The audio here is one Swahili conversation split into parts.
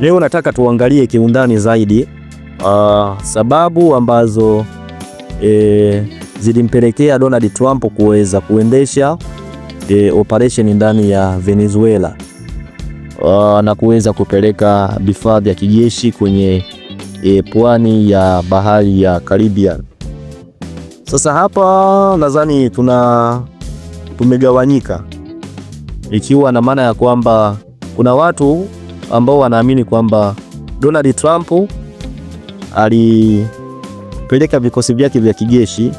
Leo nataka tuangalie kiundani zaidi uh, sababu ambazo e, zilimpelekea Donald Trump kuweza kuendesha e, operation ndani ya Venezuela uh, na kuweza kupeleka vifaa vya kijeshi kwenye e, pwani ya bahari ya Caribbean. Sasa hapa nadhani tuna tumegawanyika, ikiwa na maana ya kwamba kuna watu ambao wanaamini kwamba Donald Trump alipeleka vikosi vyake vya kijeshi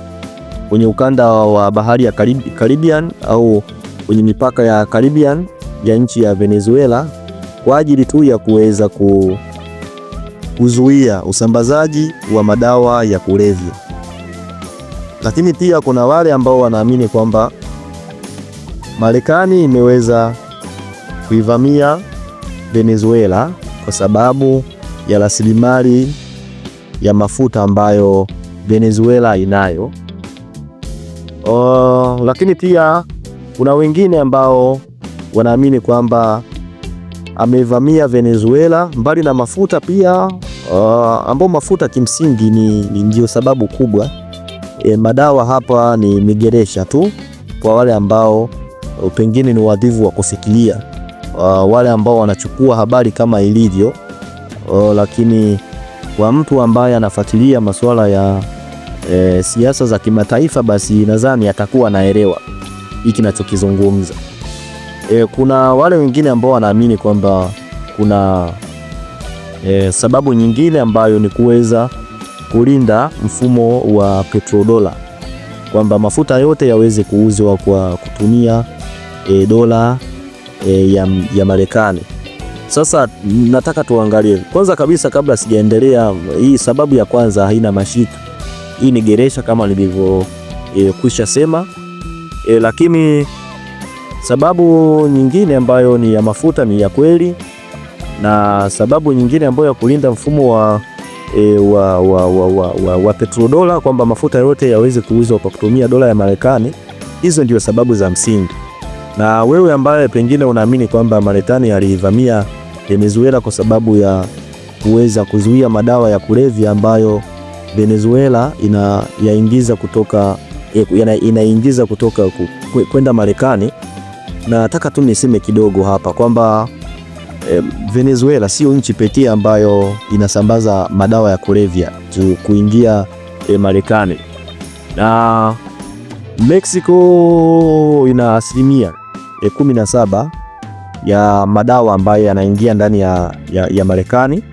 kwenye ukanda wa bahari ya Caribbean au kwenye mipaka ya Caribbean ya nchi ya Venezuela kwa ajili tu ya kuweza kuzuia usambazaji wa madawa ya kulevya. Lakini pia kuna wale ambao wanaamini kwamba Marekani imeweza kuivamia Venezuela kwa sababu ya rasilimali ya mafuta ambayo Venezuela inayo. O, lakini pia kuna wengine ambao wanaamini kwamba amevamia Venezuela mbali na mafuta pia uh, ambao mafuta kimsingi ni, ni ndio sababu kubwa e, madawa hapa ni migeresha tu kwa wale ambao pengine ni wadhivu wa kusikilia uh, wale ambao wanachukua habari kama ilivyo uh, lakini kwa mtu ambaye anafuatilia masuala ya e, siasa za kimataifa, basi nadhani atakuwa anaelewa hiki kinachokizungumza. E, kuna wale wengine ambao wanaamini kwamba kuna e, sababu nyingine ambayo ni kuweza kulinda mfumo wa petrodola, kwamba mafuta yote yaweze kuuzwa kwa kutumia e, dola e, ya, ya Marekani. Sasa nataka tuangalie kwanza kabisa, kabla sijaendelea, hii sababu ya kwanza haina mashiko. Hii ni geresha kama nilivyo e, sema e, lakini sababu nyingine ambayo ni ya mafuta ni ya kweli, na sababu nyingine ambayo ya kulinda mfumo wa E, wa, wa, wa, wa, wa, wa petrodola kwamba mafuta yote yaweze kuuzwa kwa kutumia dola ya Marekani. Hizo ndio sababu za msingi. Na wewe ambaye pengine unaamini kwamba Marekani aliivamia Venezuela kwa sababu ya kuweza kuzuia madawa ya kulevya ambayo Venezuela ina, yaingiza kutoka inaingiza kutoka kwenda Marekani, nataka tu niseme kidogo hapa kwamba eh, Venezuela sio nchi pekee ambayo inasambaza madawa ya kulevya kuingia eh, Marekani na Mexico ina asilimia e, kumi na saba ya madawa ambayo yanaingia ndani ya, ya, ya Marekani,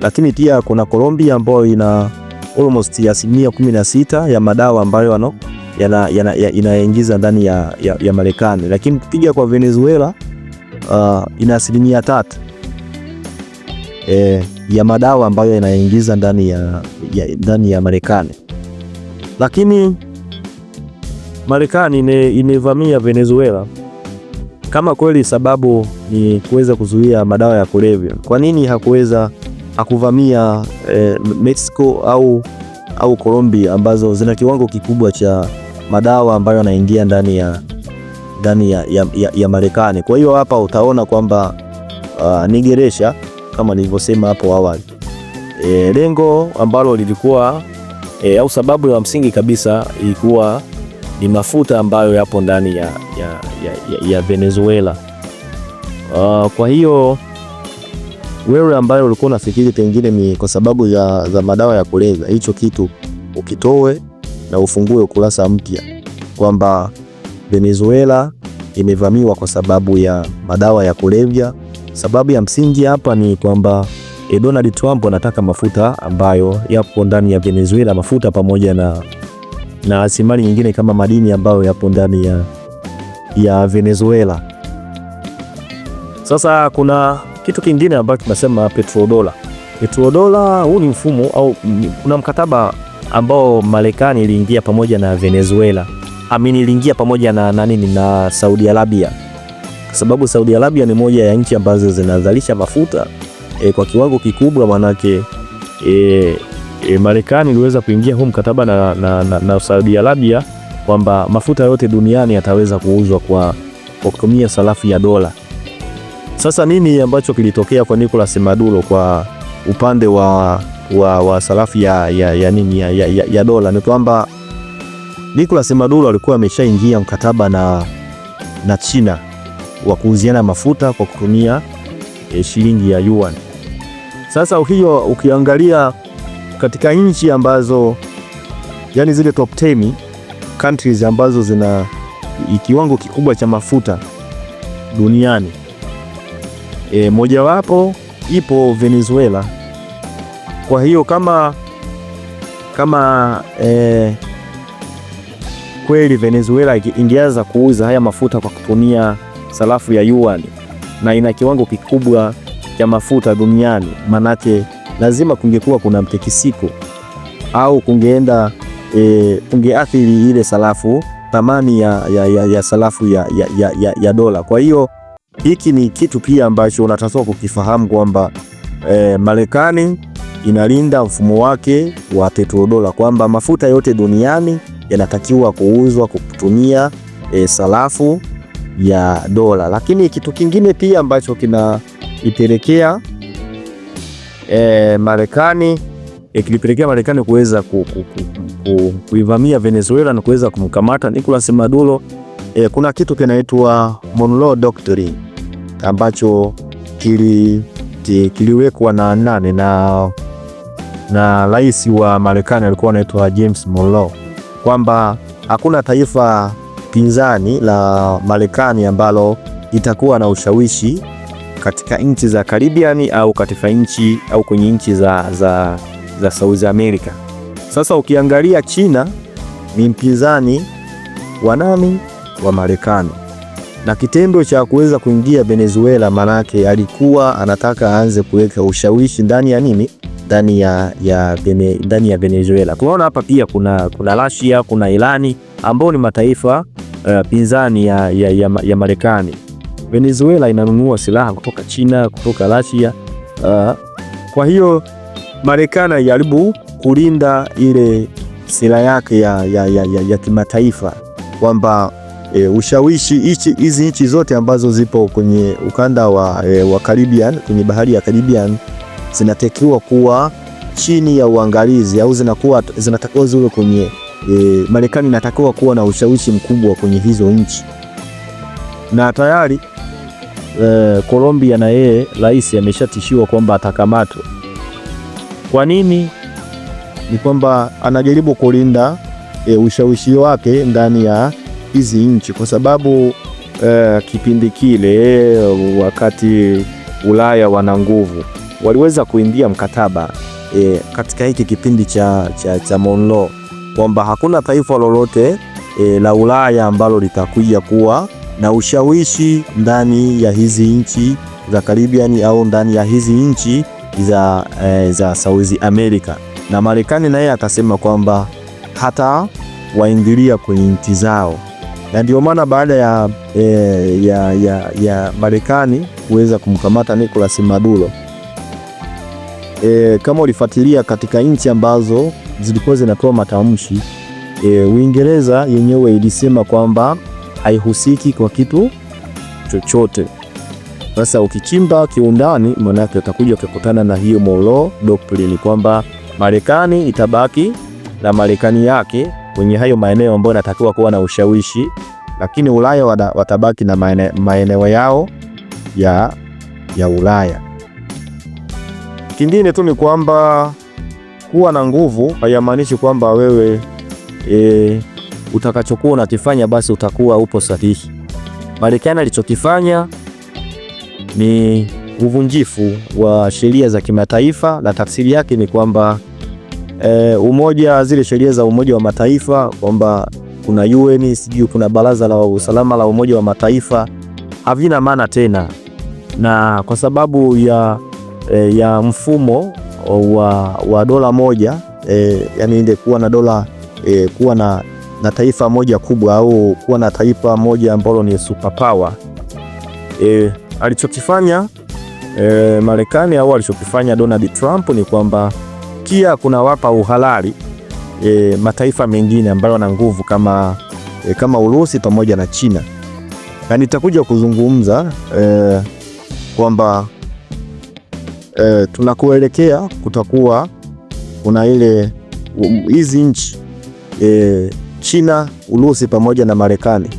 lakini pia kuna Colombia ambayo ina almost asilimia kumi na sita ya madawa ambayo ya, inaingiza ndani ya, ya, ya Marekani, lakini kupiga kwa Venezuela uh, ina asilimia tatu e, ya madawa ambayo yanaingiza ndani ya, ya, ndani ya Marekani, lakini Marekani imevamia Venezuela kama kweli sababu ni kuweza kuzuia madawa ya kulevya, kwa nini hakuweza hakuvamia e, Mexico au, au Colombia ambazo zina kiwango kikubwa cha madawa ambayo yanaingia ndani ya, ndani ya, ya, ya, ya Marekani. Kwa hiyo hapa utaona kwamba uh, nigeresha kama nilivyosema hapo awali. E, lengo ambalo lilikuwa e, au sababu ya msingi kabisa ilikuwa ni mafuta ambayo yapo ndani ya, ya, ya, ya Venezuela. Uh, kwa hiyo wewe ambaye ulikuwa unafikiri pengine ni kwa sababu ya, za madawa ya kulevya, hicho kitu ukitoe na ufungue ukurasa mpya kwamba Venezuela imevamiwa kwa sababu ya madawa ya kulevya. Sababu ya msingi hapa ni kwamba Donald Trump anataka mafuta ambayo yapo ndani ya Venezuela, mafuta pamoja na na rasilimali nyingine kama madini ambayo yapo ndani ya, ya Venezuela. Sasa kuna kitu kingine ambacho tunasema petrodola. Petrodola huu ni mfumo au kuna mkataba ambao Marekani iliingia pamoja na Venezuela, amini iliingia pamoja na nani na Saudi Arabia, kwa sababu Saudi Arabia ni moja ya nchi ambazo zinazalisha mafuta e, kwa kiwango kikubwa manake e, eh, e, Marekani iliweza kuingia huu mkataba na, na, na, na Saudi Arabia kwamba mafuta yote duniani yataweza kuuzwa kwa, kwa kutumia sarafu ya dola. Sasa nini ambacho kilitokea kwa Nicolas Maduro kwa upande wa, wa, wa sarafu ya, ya, ya, ya, ya, ya, ya dola ni kwamba Nicolas Maduro alikuwa ameshaingia mkataba na, na China wa kuuziana mafuta kwa kutumia e, shilingi ya yuan. Sasa hiyo ukiangalia katika nchi ambazo yani zile top 10 countries ambazo zina kiwango kikubwa cha mafuta duniani e, mojawapo ipo Venezuela. Kwa hiyo kama kama e, kweli Venezuela ingeanza kuuza haya mafuta kwa kutumia sarafu ya yuan na ina kiwango kikubwa cha mafuta duniani, manake lazima kungekuwa kuna mtekisiko au kungeenda e, kungeathiri ile sarafu thamani ya, ya, ya, ya sarafu ya, ya, ya, ya dola. Kwa hiyo hiki ni kitu pia ambacho unatakiwa kukifahamu kwamba e, Marekani inalinda mfumo wake wa petrodola kwamba mafuta yote duniani yanatakiwa kuuzwa kutumia e, sarafu ya dola. Lakini kitu kingine pia ambacho kinaipelekea e, Marekani ikilipelekea Marekani kuweza ku, ku, ku, ku, kuivamia Venezuela na kuweza kumkamata Nicolas Maduro. E, kuna kitu kinaitwa Monroe Doctrine ambacho kili, kiliwekwa na nane na na rais wa Marekani alikuwa anaitwa James Monroe kwamba hakuna taifa pinzani la Marekani ambalo itakuwa na ushawishi katika nchi za Caribbean au katika nchi au kwenye nchi za, za, za South America. Sasa ukiangalia China ni mpinzani wa nani? Wa Marekani, na kitendo cha kuweza kuingia Venezuela, manake alikuwa anataka aanze kuweka ushawishi ndani ya nini, ndani ya, ya, ndani ya Venezuela. Tunaona hapa pia kuna, kuna Russia, kuna Irani ambao ni mataifa uh, pinzani ya, ya, ya, ya Marekani. Venezuela inanunua silaha kutoka China, kutoka Russia. Uh, kwa hiyo Marekani alijaribu kulinda ile sila yake ya, ya, ya, ya, ya kimataifa kwamba e, ushawishi hizi nchi zote ambazo zipo kwenye ukanda wa, e, wa Caribbean, kwenye bahari ya Caribbean zinatakiwa kuwa chini ya uangalizi au zinakuwa zinatakiwa ziwe kwenye e, Marekani inatakiwa kuwa na ushawishi mkubwa kwenye hizo nchi na tayari eh, Colombia na yeye rais ameshatishiwa kwamba atakamatwa. Kwa nini? Ni kwamba anajaribu kulinda e, ushawishi wake ndani ya hizi nchi, kwa sababu e, kipindi kile wakati Ulaya wana nguvu waliweza kuingia mkataba e, katika hiki kipindi cha, cha, cha Monroe kwamba hakuna taifa lolote e, la Ulaya ambalo litakuja kuwa na ushawishi ndani ya hizi nchi za Caribbean au ndani ya hizi nchi za, eh, za South America, na Marekani naye akasema kwamba hata waingilia kwenye nchi zao, na ndio maana baada ya, eh, ya, ya, ya Marekani kuweza kumkamata Nicolas Maduro E, kama ulifuatilia katika nchi ambazo zilikuwa zinatoa matamshi e, Uingereza yenyewe ilisema kwamba haihusiki kwa kitu chochote. Sasa ukichimba kiundani, maanake utakuja ukakutana na hiyo Monroe Doctrine kwamba Marekani itabaki na Marekani yake kwenye hayo maeneo ambayo inatakiwa kuwa na ushawishi, lakini Ulaya watabaki na maeneo yao ya, ya Ulaya. Kingine tu ni kwamba kuwa na nguvu haimaanishi kwamba wewe e, utakachokuwa unakifanya basi utakuwa upo sahihi. Marekani alichokifanya ni uvunjifu wa sheria za kimataifa, na tafsiri yake ni kwamba e, umoja zile sheria za Umoja wa Mataifa kwamba kuna UN sijui kuna Baraza la Usalama la Umoja wa Mataifa havina maana tena, na kwa sababu ya, e, ya mfumo wa, wa dola moja e, yani ile kuwa na dola e, kuwa na na taifa moja kubwa au kuwa na taifa moja ambalo ni superpower. E, alichokifanya e, Marekani au alichokifanya Donald Trump ni kwamba kia kuna wapa uhalali e, mataifa mengine ambayo yana nguvu kama, e, kama Urusi pamoja na China, na nitakuja kuzungumza e, kwamba e, tunakuelekea kutakuwa kuna ile hizi nchi e, China, Urusi pamoja na Marekani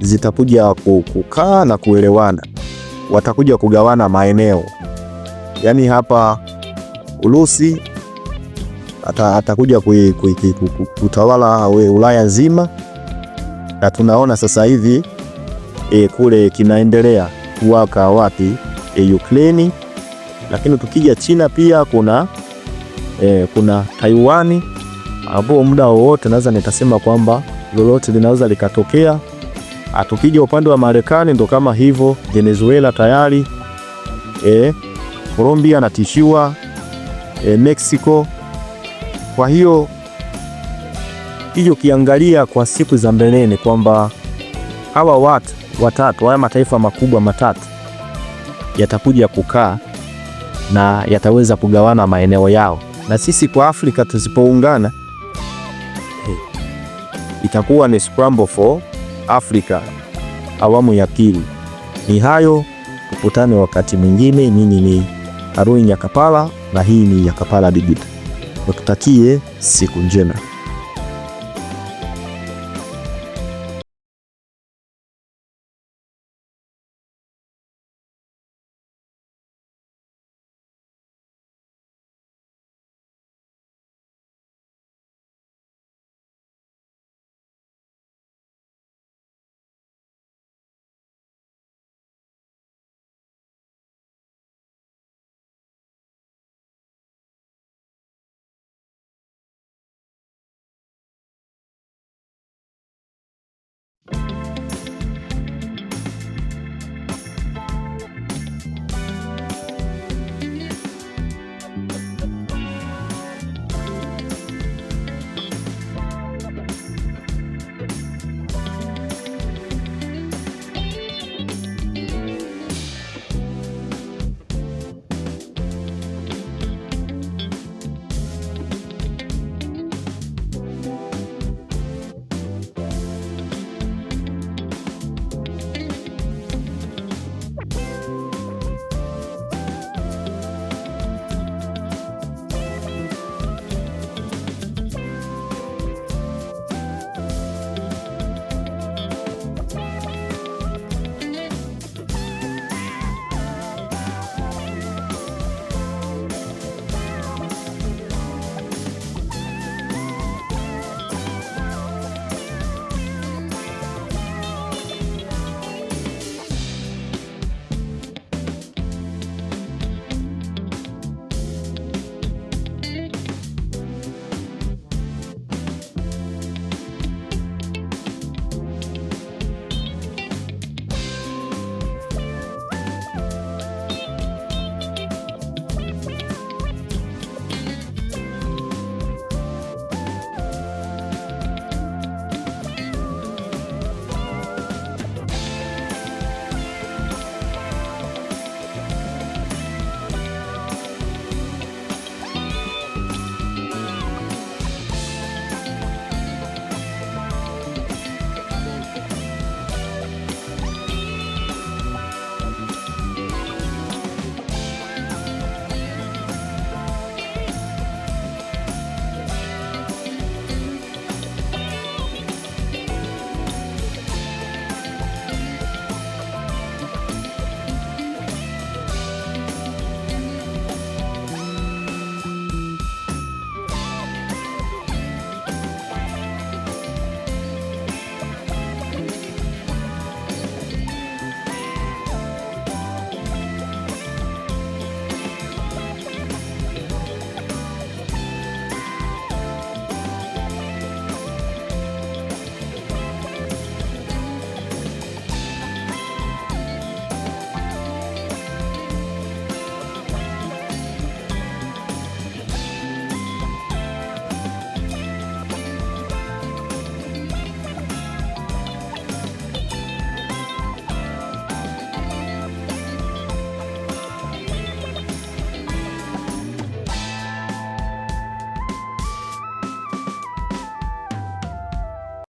zitakuja kukaa na kuelewana, watakuja kugawana maeneo. Yaani hapa Urusi ata, atakuja kutawala Ulaya nzima, na tunaona sasa hivi e, kule kinaendelea kuwaka wapi e, Ukraine. Lakini tukija China pia kuna e, kuna Taiwani ambapo muda wowote naweza nikasema kwamba lolote linaweza likatokea. Atukija upande wa Marekani ndo kama hivyo, Venezuela tayari e, Colombia anatishiwa e, eh, Mexico. Kwa hiyo hiyo kiangalia kwa siku za mbeleni kwamba hawa watu watatu haya mataifa makubwa matatu yatakuja kukaa na yataweza kugawana maeneo yao, na sisi kwa Afrika tusipoungana itakuwa ni Scramble for Africa awamu ya pili. Ni hayo, tukutane wakati mwingine. Mimi ni Haruni Nyakapala na hii ni Nyakapala Digital. Nakutakie siku njema.